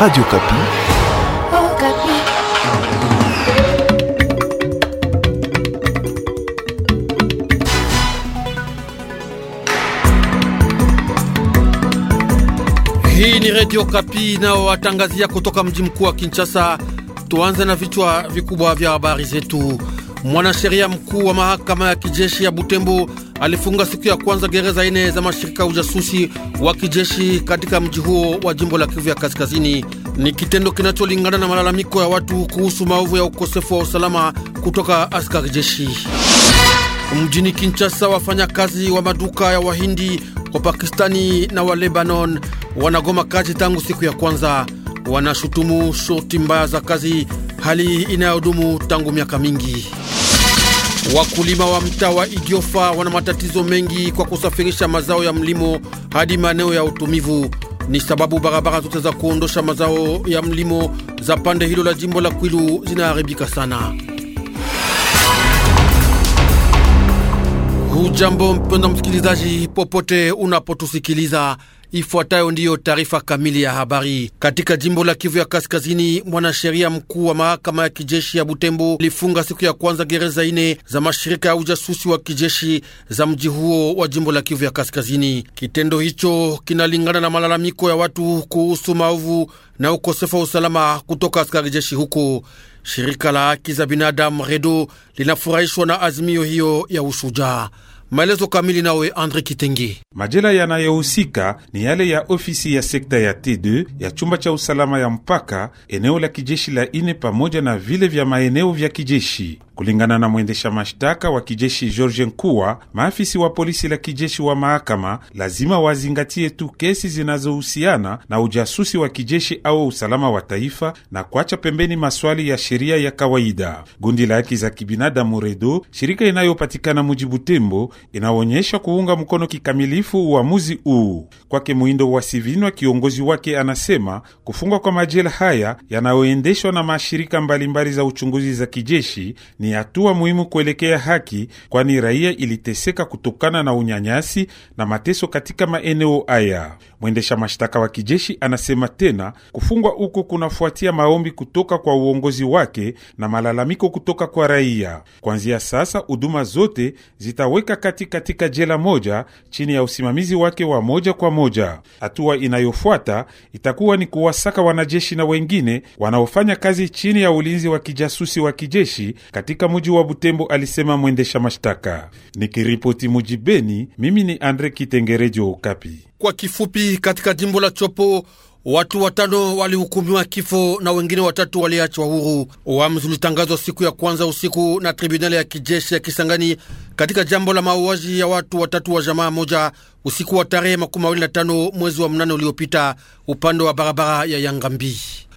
Radio Kapi. Oh, Kapi. Hii ni Radio Kapi nao watangazia kutoka mji mkuu wa Kinshasa. Tuanze na vichwa vikubwa vya habari zetu. Mwanasheria mkuu wa mahakama ya kijeshi ya Butembo alifunga siku ya kwanza gereza ine za mashirika ujasusi wa kijeshi katika mji huo wa jimbo la Kivu ya Kaskazini. Ni kitendo kinacholingana na malalamiko ya watu kuhusu maovu ya ukosefu wa usalama kutoka askari jeshi. Mjini Kinshasa, wafanyakazi wa maduka ya Wahindi wa Pakistani na wa Lebanon wanagoma kazi tangu siku ya kwanza. Wanashutumu shoti mbaya za kazi, hali inayodumu tangu miaka mingi. Wakulima wa mtaa wa Idiofa wana matatizo mengi kwa kusafirisha mazao ya mlimo hadi maeneo ya utumivu. Ni sababu barabara zote za kuondosha mazao ya mlimo za pande hilo la jimbo la Kwilu zinaharibika sana. Hujambo mpenda msikilizaji, popote unapotusikiliza. Ifuatayo ndiyo taarifa kamili ya habari. Katika jimbo la Kivu ya Kaskazini, mwanasheria mkuu wa mahakama ya kijeshi ya Butembo lifunga siku ya kwanza gereza ine za mashirika ya ujasusi wa kijeshi za mji huo wa jimbo la Kivu ya Kaskazini. Kitendo hicho kinalingana na malalamiko ya watu kuhusu maovu na ukosefu wa usalama kutoka askari jeshi huko. Shirika la haki za binadamu REDO linafurahishwa na azimio hiyo ya ushujaa. Maelezo kamili nawe Andre Kitenge. Majela yanayohusika ni yale ya ofisi ya sekta ya T2 ya chumba cha usalama ya mpaka, eneo la kijeshi la ine pamoja na vile vya maeneo vya kijeshi. Kulingana na mwendesha mashtaka wa kijeshi George Nkuwa, maafisi wa polisi la kijeshi wa mahakama lazima wazingatie tu kesi zinazohusiana na ujasusi wa kijeshi au usalama wa taifa na kuacha pembeni maswali ya sheria ya kawaida. Gundi la haki za kibinadamu REDO, shirika inayopatikana muji Butembo, inaonyesha kuunga mkono kikamilifu uamuzi huu. Kwake Muindo wa Sivinwa, kiongozi wake, anasema kufungwa kwa majela haya yanayoendeshwa na mashirika mbalimbali za uchunguzi za kijeshi ni hatua muhimu kuelekea haki, kwani raia iliteseka kutokana na unyanyasi na mateso katika maeneo haya. Mwendesha mashtaka wa kijeshi anasema tena kufungwa huko kunafuatia maombi kutoka kwa uongozi wake na malalamiko kutoka kwa raia. Kuanzia sasa, huduma zote zitaweka kati katika jela moja chini ya usimamizi wake wa moja kwa moja. Hatua inayofuata itakuwa ni kuwasaka wanajeshi na wengine wanaofanya kazi chini ya ulinzi wa kijasusi wa kijeshi katika katika muji wa Butembo, alisema mwendesha mashtaka. Nikiripoti muji Beni, mimi ni Andre Kitengerejo, Okapi. Kwa kifupi, katika jimbo la Chopo watu watano walihukumiwa kifo na wengine watatu waliachwa huru. Uamuzi ulitangazwa siku ya kwanza usiku na tribunali ya kijeshi ya Kisangani katika jambo la mauaji ya watu watatu wa jamaa moja usiku wa tarehe makumi mawili na tano mwezi wa mnane uliopita upande wa barabara ya Yangambi.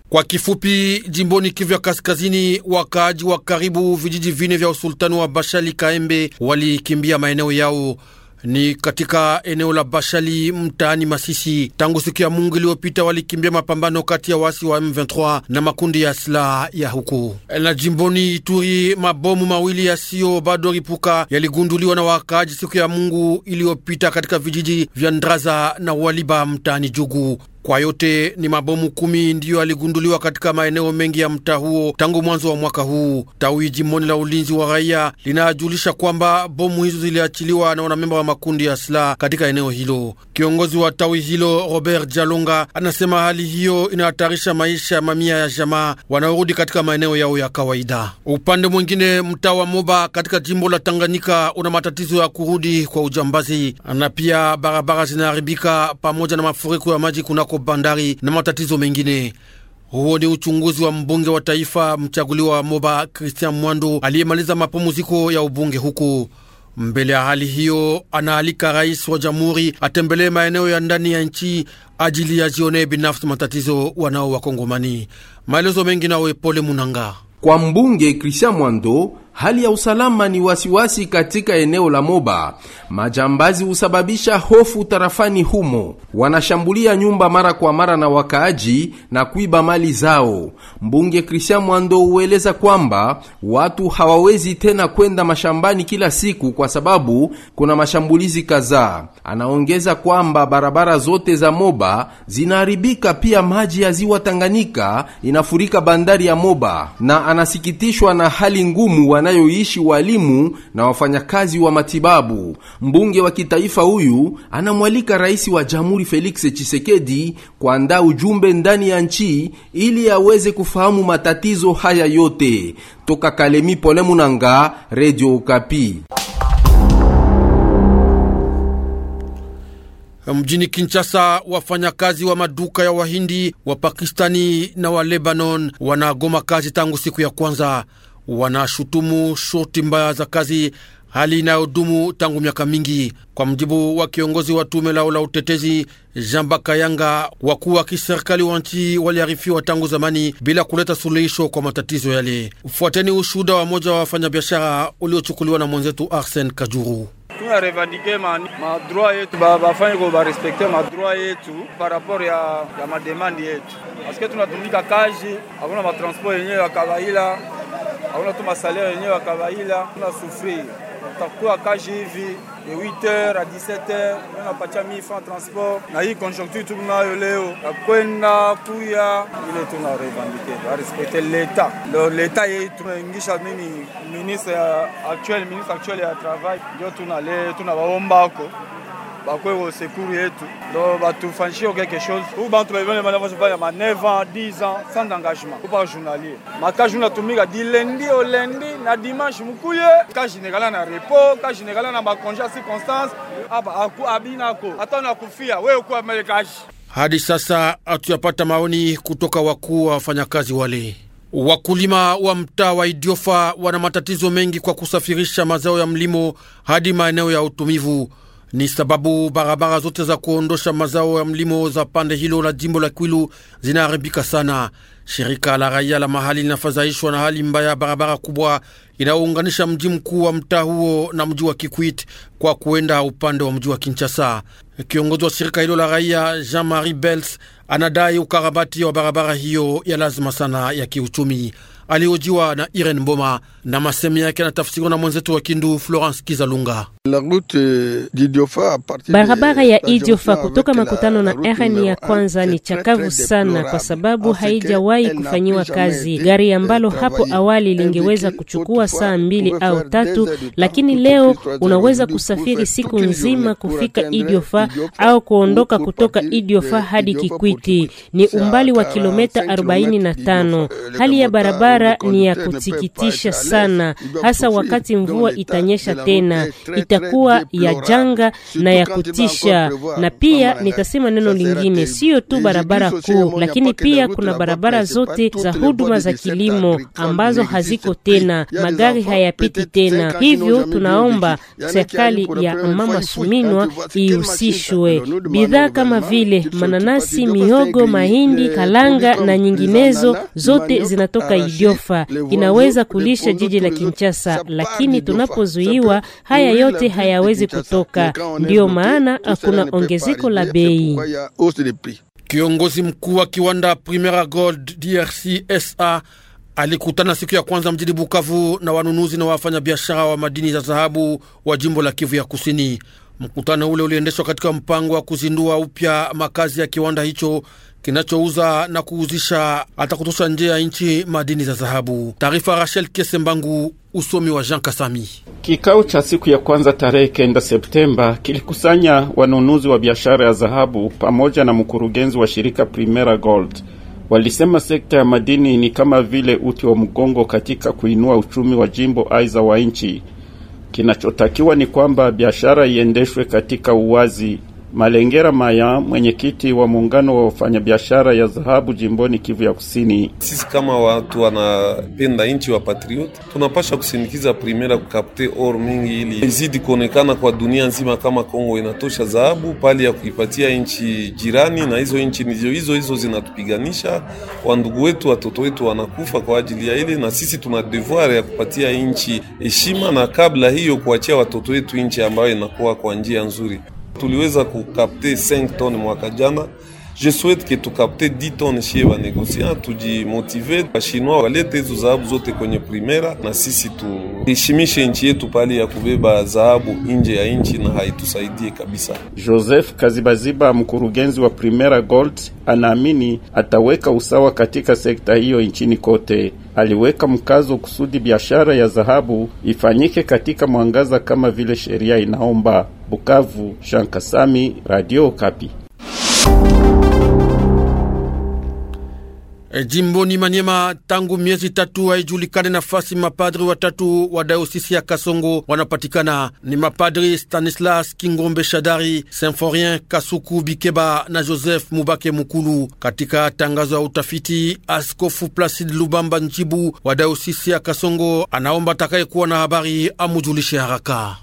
Kwa kifupi, jimboni Kivu ya Kaskazini, wakaaji wa karibu vijiji vine vya usultani wa Bashali Kaembe walikimbia maeneo yao ni katika eneo la Bashali mtaani Masisi. Tangu siku ya Mungu iliyopita walikimbia mapambano kati ya wasi wa M23 na makundi ya silaha ya huku. Na jimboni Ituri, mabomu mawili yasiyo bado ripuka yaligunduliwa na wakaaji siku ya Mungu iliyopita katika vijiji vya Ndraza na Waliba mtaani Jugu. Kwa yote ni mabomu kumi ndiyo aligunduliwa katika maeneo mengi ya mtaa huo tangu mwanzo wa mwaka huu. Tawi jimboni la ulinzi wa raia linajulisha kwamba bomu hizo ziliachiliwa na wanamemba wa makundi ya silaha katika eneo hilo. Kiongozi wa tawi hilo Robert Jalonga anasema hali hiyo inahatarisha maisha ya mamia ya jamaa wanaorudi katika maeneo yao ya kawaida. Upande mwingine, mtaa wa Moba katika jimbo la Tanganyika una matatizo ya kurudi kwa ujambazi na pia barabara zinaharibika pamoja na mafuriko ya maji kuna kunako bandari na matatizo mengine. Huo ni uchunguzi wa mbunge wa taifa mchaguliwa wa Moba Christian Mwandu aliyemaliza mapumziko ya ubunge huku mbele ya hali hiyo anaalika rais wa jamhuri atembelee maeneo ya ndani ya nchi ajili yajionee binafsi matatizo wanao Wakongomani. Maelezo mengi nawe Pole Munanga. Kwa mbunge Christian Mwando Hali ya usalama ni wasiwasi katika eneo la Moba. Majambazi husababisha hofu tarafani humo, wanashambulia nyumba mara kwa mara na wakaaji na kuiba mali zao. Mbunge Christian Mwando hueleza kwamba watu hawawezi tena kwenda mashambani kila siku kwa sababu kuna mashambulizi kadhaa. Anaongeza kwamba barabara zote za Moba zinaharibika, pia maji ya ziwa Tanganyika inafurika bandari ya Moba, na anasikitishwa na hali ngumu wa yanayoishi walimu na wafanyakazi wa matibabu. Mbunge wa kitaifa huyu anamwalika rais wa jamhuri Felix Tshisekedi kuandaa ujumbe ndani ya nchi ili aweze kufahamu matatizo haya yote. Toka Kalemi, Pole Munanga, Radio Okapi. Mjini Kinshasa, wafanyakazi wa maduka ya Wahindi, wa Pakistani na wa Lebanon wanagoma kazi tangu siku ya kwanza wanashutumu shurti mbaya za kazi, hali inayodumu tangu miaka mingi. Kwa mjibu wa kiongozi wa tume lao la utetezi Jean Bakayanga, wakuu wa kiserikali wa nchi waliarifiwa tangu zamani bila kuleta suluhisho kwa matatizo yale. Fuateni ushuhuda wa moja wa wafanyabiashara uliochukuliwa na mwenzetu Arsen Kajuru. tuna revendique ma, ma droit yetu bafanye ba ko barespecte ma droit yetu par rapport ya, ya mademande yetu parceke tunatumika kazi akuna matransport yenyewe ya kawaila akuna tu masalere yenyewe ya kawaila tuna sufrir takuwa kgv de 8h à 17h on a pas de mi franc transport y a, hii conjoncture tuku nayo leo akwenda kuya ile tunarevandike barespecte l'État. lo leta ye tunaingisha nini ministre euh, actuel ministre actuel est à travail il tout ndio tunale tuna baombako bakweko sekuru yetu quelque chose tu bantu baivalemalavasobaya ma 9 ans 10 ans sans engagement upaka journalier makaji natumika dilendi olendi na dimanche mukuye kaji na repos kaji na bakonge ya circonstance aba abinako na kufia we melekaji hadi sasa hatuyapata maoni kutoka wakuu wa wafanyakazi wale. Wakulima wa mtaa wa Idiofa wana matatizo mengi kwa kusafirisha mazao ya mlimo hadi maeneo ya utumivu. Ni sababu barabara zote za kuondosha mazao ya mlimo za pande hilo la jimbo la Kwilu zinaharibika sana. Shirika la raia la mahali linafadhaishwa na hali mbaya ya barabara kubwa inayounganisha mji mkuu wa mtaa huo na mji wa Kikwit kwa kuenda upande wa mji wa Kinshasa. Kiongozi wa shirika hilo la raia Jean-Marie Bels anadai ukarabati wa barabara hiyo ya lazima sana ya kiuchumi. Alihojiwa na Irene Mboma na masemi yake anatafsiriwa na mwenzetu wa Kindu Florence Kizalunga. Euh, barabara ya Idiofa kutoka makutano na rn ya kwanza ni chakavu sana, kwa sababu haijawahi kufanyiwa kazi. Gari euh, ambalo hapo awali lingeweza kuchukua saa mbili au tatu, lakini leo unaweza kusafiri siku nzima kufika Idiofa au kuondoka kutoka Idiofa euh, hadi Kikwiti, ni umbali wa kilometa 45. Hali ya barabara ni ya kusikitisha sana, hasa wakati mvua itanyesha tena Ita itakuwa ya janga na ya kutisha. Na pia nitasema neno lingine, siyo tu barabara kuu, lakini pia kuna barabara zote za huduma za kilimo ambazo haziko tena, magari hayapiti tena. Hivyo tunaomba serikali ya mama Suminwa ihusishwe. Bidhaa kama vile mananasi, mihogo, mahindi, kalanga na nyinginezo zote zinatoka Idiofa, inaweza kulisha jiji la Kinshasa, lakini tunapozuiwa haya yote yote hayawezi kutoka, ndiyo maana hakuna ongezeko la bei. Kiongozi mkuu wa kiwanda Primera Gold DRC SA alikutana siku ya kwanza mjini Bukavu na wanunuzi na wafanyabiashara wa madini za dhahabu wa jimbo la Kivu ya Kusini. Mkutano ule uliendeshwa katika mpango wa kuzindua upya makazi ya kiwanda hicho kinachouza na kuuzisha atakutosha nje ya nchi madini za dhahabu. Taarifa Rachel Kesembangu, usomi wa Jean Kasami. Kikao cha siku ya kwanza tarehe kenda Septemba kilikusanya wanunuzi wa biashara ya dhahabu pamoja na mkurugenzi wa shirika Primera Gold. Walisema sekta ya madini ni kama vile uti wa mgongo katika kuinua uchumi wa jimbo aiza wa nchi. Kinachotakiwa ni kwamba biashara iendeshwe katika uwazi. Malengera Maya, mwenyekiti wa muungano wa wafanyabiashara ya dhahabu jimboni Kivu ya Kusini. Sisi kama watu wanapenda nchi wa patriot, tunapasha kusindikiza Primera kukapte or mingi ili izidi kuonekana kwa dunia nzima kama Kongo inatosha dhahabu pali ya kuipatia nchi jirani, na hizo nchi ndizo hizo hizo zinatupiganisha. Wandugu wetu, watoto wetu wanakufa kwa ajili ya ile, na sisi tuna devoir ya kupatia nchi heshima, na kabla hiyo kuachia watoto wetu nchi ambayo inakuwa kwa njia nzuri. Tuliweza kukapte 5 ton mwaka jana Je souhaite que tukapte ditonneshie wanegosia tujimotive, washinois walete hizo zahabu zote kwenye primera, na sisi tuheshimishe nchi yetu pale ya kubeba dhahabu nje ya nchi, na haitusaidie kabisa. Joseph Kazibaziba, mkurugenzi wa Primera Gold, anaamini ataweka usawa katika sekta hiyo nchini kote. Aliweka mkazo kusudi biashara ya dhahabu ifanyike katika mwangaza kama vile sheria inaomba. Bukavu, Shankasami, Radio Kapi. E, eh, jimboni Manyema tangu miezi tatu haijulikane nafasi mapadri watatu wa dayosisi ya Kasongo wanapatikana. Ni mapadri Stanislas Kingombe Shadari, Symphorien Kasuku Bikeba na Joseph Mubake Mukulu. Katika tangazo ya utafiti, Askofu Placide Lubamba Njibu wa dayosisi ya Kasongo anaomba atakayekuwa na habari amujulishe haraka.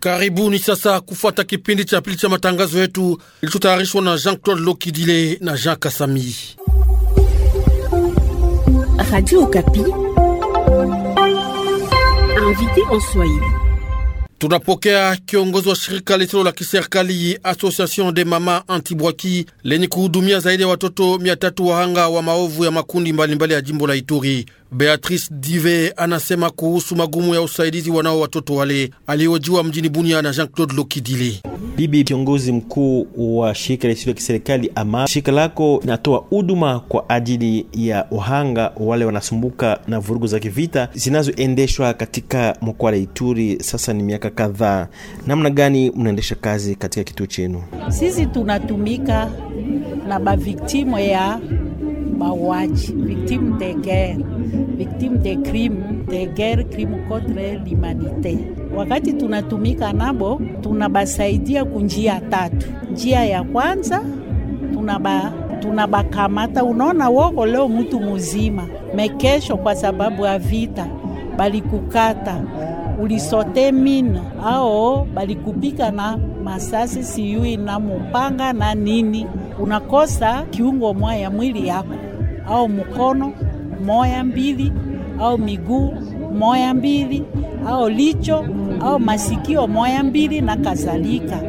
Karibuni sasa kufuata kipindi cha pili cha matangazo yetu kilichotayarishwa na Jean-Claude Lokidile na Jean Kasami. Radio Okapi, invité en Swahili. Tunapokea kiongozi wa shirika lisilo la kiserikali Association de Mama Antibwaki lenye kuhudumia zaidi ya watoto mia tatu wahanga wa maovu ya makundi mbalimbali mbali ya jimbo la Ituri. Beatrice Dive anasema kuhusu magumu ya usaidizi wanao watoto wale. Aliojiwa mjini Bunia na Jean-Claude Lokidile. Bibi kiongozi mkuu wa shirika lisilo ya kiserikali ama shirika lako inatoa huduma kwa ajili ya uhanga wale wanasumbuka na vurugu za kivita zinazoendeshwa katika mkoa wa Ituri. Sasa ni miaka kadhaa, namna gani mnaendesha kazi katika kituo chenu? Sisi tunatumika na baviktimu ya mauaji, viktimu de guerre victimes de crimes de guerre crimes contre l'humanité. Wakati tunatumika nabo, tunabasaidia kunjia tatu. Njia ya kwanza tunaba tunabakamata, unaona woko leo mtu muzima mekesho, kwa sababu ya vita balikukata ulisote mina ao balikupika na masasi siyui na mupanga na nini, unakosa kiungo mwa ya mwili yako au mkono moya mbili au miguu moya mbili au licho au masikio moya mbili na kadhalika.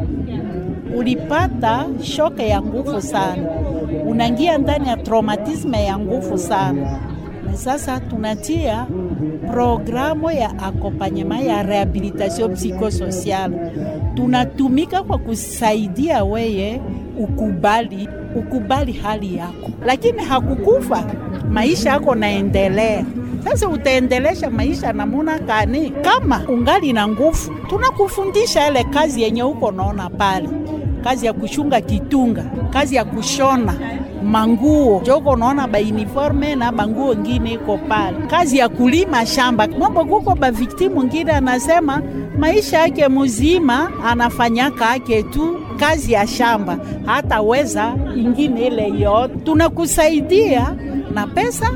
Ulipata shoke ya nguvu sana, unaingia ndani ya traumatisme ya nguvu sana. Na sasa tunatia programu ya akopanyema ya rehabilitation psikososial, tunatumika kwa kusaidia weye ukubali ukubali hali yako, lakini hakukufa maisha yako naendelea. Sasa utaendelesha maisha namuna kani? Kama ungali na nguvu, tunakufundisha ile kazi yenye uko naona pale, kazi ya kushunga kitunga, kazi ya kushona manguo joko naona ba uniforme na manguo ngine iko pale, kazi ya kulima shamba. Mambo kuko ba victimu ngine anasema maisha yake muzima anafanyaka ake tu kazi ya shamba, weza ingine ile yote. Tunakusaidia na pesa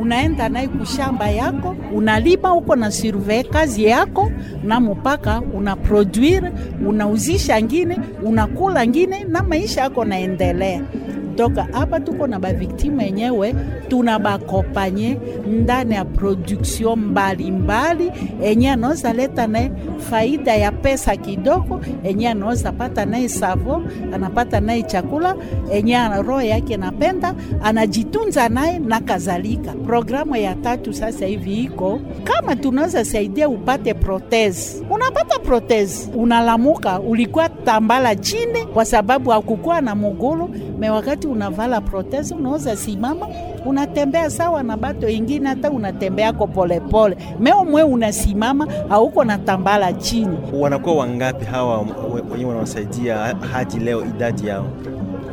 unaenda naye kushamba yako, unalima huko na survey kazi yako, na mpaka una produire, unauzisha ngine, unakula ngine, na maisha yako naendelea toka hapa, tuko na enyewe tuna tunabakopanye ndani ya production mbalimbali enye anaweza leta naye faida ya pesa kidogo, enye anaweza pata naye savo, anapata naye chakula enye roho yake napenda, anajitunza naye na kadhalika. Programu ya tatu sasa hivi iko kama tunaweza saidia upate protezi unapata protezi, unalamuka, ulikuwa tambala chini kwa sababu hakukuwa na mugulu me. Wakati unavala protezi, unaweza simama, unatembea sawa na bato ingine, hata unatembeako polepole me meomwe, unasimama auko na tambala chini. Wanakuwa wangapi hawa wenyewe wanawasaidia hadi leo, idadi yao?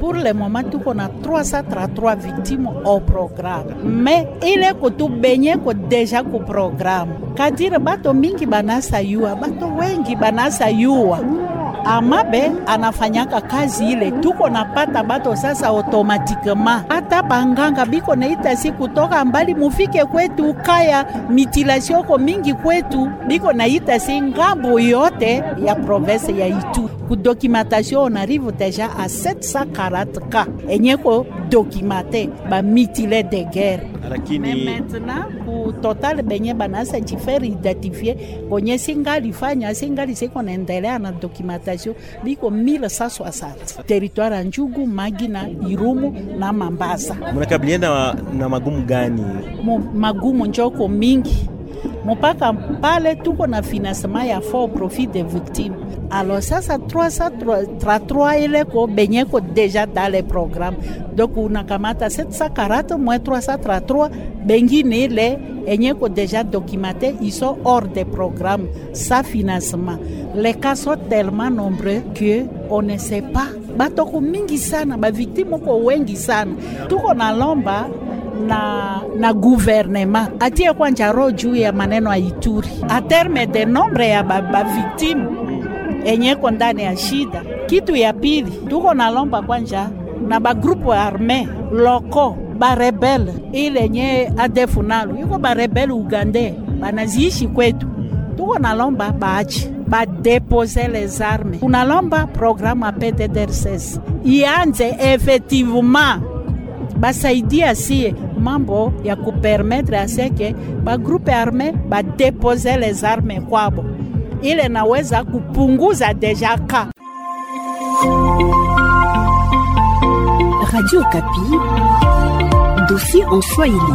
Pour le moment tuko na 333 victimes au programme, me ile kutubenyeko deja ku programu kadiri bato mingi banasa yua bato wengi banasa yua Amabe anafanyaka kazi ile, tuko napata bato sasa automatiquement Hata banganga biko naita si kutoka mbali mufike kwetu, kaya mitilasioko mingi kwetu biko naita si ngambo yote ya province ya Itu kudocumentation on arrive déjà à 740 cas enye kodokimate bamitile de guerre lakini Me maintenant kutotal benye banasa jifere identifie kwenye singalifanya singali siko naendelea na documentation biko 1160 territoire ya Njugu, Magi na Irumu na Mambasa. Mnakabiliana na magumu gani? Magumu njoko mingi mpaka tout tuko na financement ya fort profit des victimes. Alors ça, c'est 333 ileko sont déjà dans le programme, donc on unakamata 740 moins 333 bengine ile déjà déjà documenté, ils sont hors des programmes sans financement. Les cas sont tellement nombreux que on ne sait pas. Batoko mingi sana, bah, victimes ko wengi sana, tuko na lomba na, na guvernema atie kwanja roho juu ya maneno ya Ituri aterme de nombre ya baviktimu ba enyeko ndani ya shida. Kitu ya pili tuko nalomba kwanja na bagrupu arme loko barebele ile nye adefu nalo yuko barebele Ugande banaziishi kwetu, tuko nalomba baache badepose les armes. Tunalomba programu ya PDDRCS ianze effectivement, basaidia sie mambo ya kupermetre aseke bagrupe arme badepoze les arme kwabo, ile naweza kupunguza deja ka Radio Kapi, dossier en Swahili.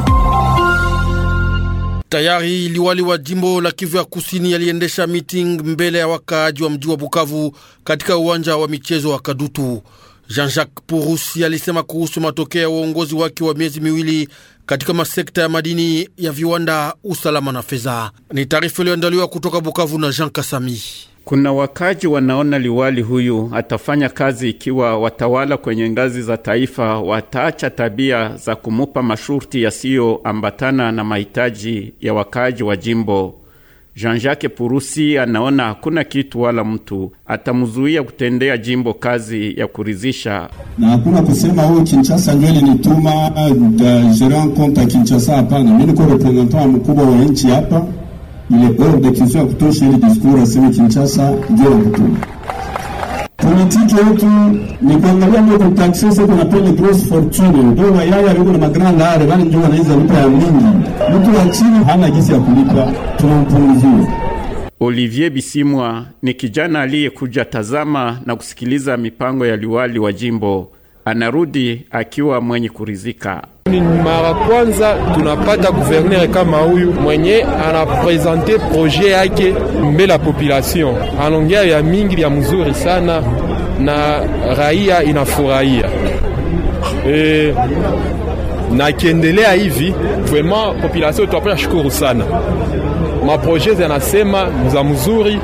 Tayari liwali wa jimbo la Kivu ya Kusini aliendesha meeting mbele ya wakaaji wa mji wa Bukavu katika uwanja wa michezo wa Kadutu. Jean-Jacques Purusi alisema kuhusu matokeo ya uongozi wake wa miezi miwili katika masekta ya madini ya viwanda, usalama na fedha. Ni taarifa iliyoandaliwa kutoka Bukavu na Jean Kasami. Kuna wakaji wanaona liwali huyu atafanya kazi ikiwa watawala kwenye ngazi za taifa wataacha tabia za kumupa masharti yasiyoambatana na mahitaji ya wakaji wa jimbo. Jean-Jacques Purusi anaona hakuna kitu wala mtu atamzuia kutendea jimbo kazi ya kuridhisha, na hakuna kusema huyo oh, Kinshasa ndio alinituma gerant compte ya Kinshasa. Hapana, mimi niko representant mkubwa wa nchi hapa, ile borde ya kutosha ili discours aseme Kinshasa ndio alikutuma politiki yetu ni kuangalia ndio kutaxia sasa, kuna pele gross fortune ndio mayaya yuko na magrand lare bali ndio anaweza lipa ya mingi, mtu wa chini hana jinsi ya kulipa, tunampunguzia. Olivier Bisimwa ni kijana aliyekuja tazama na kusikiliza mipango ya liwali wa jimbo, anarudi akiwa mwenye kurizika. Ni mara kwanza tunapata guverner kama huyu mwenye anaprezente projet yake mbele ya population, anaongea ya mingi ya mzuri sana na raia inafurahia e, na kiendelea hivi vraiment population tunapata shukuru sana maproje zanasema za mzuri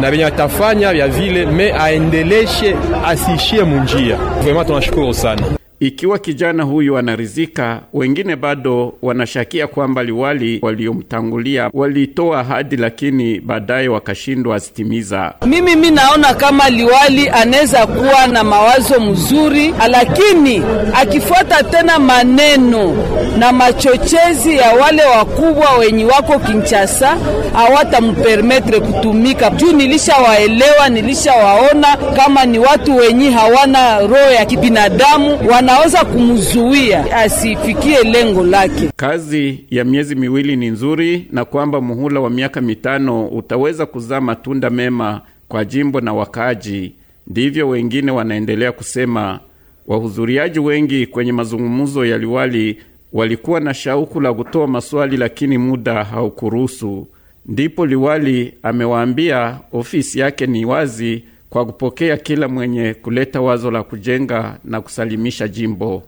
na venye atafanya vya vile me aendeleshe asiishie munjia. Vraiment tunashukuru sana. Ikiwa kijana huyu anarizika, wengine bado wanashakia kwamba liwali waliomtangulia walitoa ahadi, lakini baadaye wakashindwa azitimiza. Mimi mi naona kama liwali anaweza kuwa na mawazo mzuri, lakini akifuata tena maneno na machochezi ya wale wakubwa wenye wako Kinshasa, hawatampermetre kutumika juu. Nilishawaelewa, nilishawaona kama ni watu wenye hawana roho ya kibinadamu wana wanaweza kumzuia asifikie lengo lake. Kazi ya miezi miwili ni nzuri, na kwamba muhula wa miaka mitano utaweza kuzaa matunda mema kwa jimbo na wakaaji. Ndivyo wengine wanaendelea kusema. Wahudhuriaji wengi kwenye mazungumzo ya liwali walikuwa na shauku la kutoa maswali, lakini muda haukuruhusu. Ndipo liwali amewaambia ofisi yake ni wazi kwa kupokea kila mwenye kuleta wazo la kujenga na kusalimisha jimbo.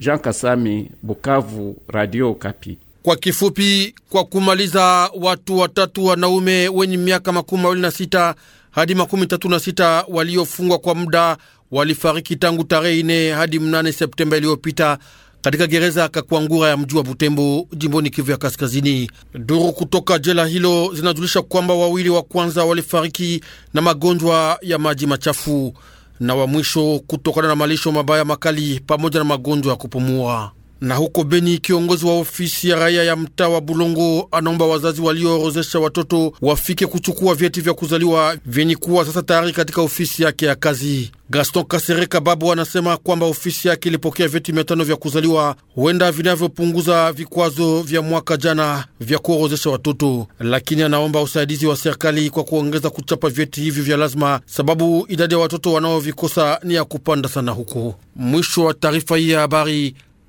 Jean Kasami, Bukavu, Radio Kapi. Kwa kifupi, kwa kumaliza, watu watatu wanaume wenye miaka makumi mawili na sita hadi makumi tatu na sita waliofungwa kwa muda walifariki tangu tarehe ine hadi mnane Septemba iliyopita katika gereza ya Kakwangura ya mji wa Butembo, jimboni Kivu ya Kaskazini. Duru kutoka jela hilo zinajulisha kwamba wawili wa kwanza walifariki na magonjwa ya maji machafu na wa mwisho kutokana na malisho mabaya makali pamoja na magonjwa ya kupumua. Na huko Beni, kiongozi wa ofisi ya raia ya mtaa wa Bulongo anaomba wazazi walioorozesha watoto wafike kuchukua vyeti vya kuzaliwa vyenye kuwa sasa tayari katika ofisi yake ya kazi. Gaston Kasereka Babu anasema kwamba ofisi yake ilipokea vyeti mia tano vya kuzaliwa huenda vinavyopunguza vikwazo vya mwaka jana vya kuorozesha watoto, lakini anaomba usaidizi wa serikali kwa kuongeza kuchapa vyeti hivyo vya lazima, sababu idadi ya watoto wanaovikosa ni ya kupanda sana huko. Mwisho wa taarifa hii ya habari.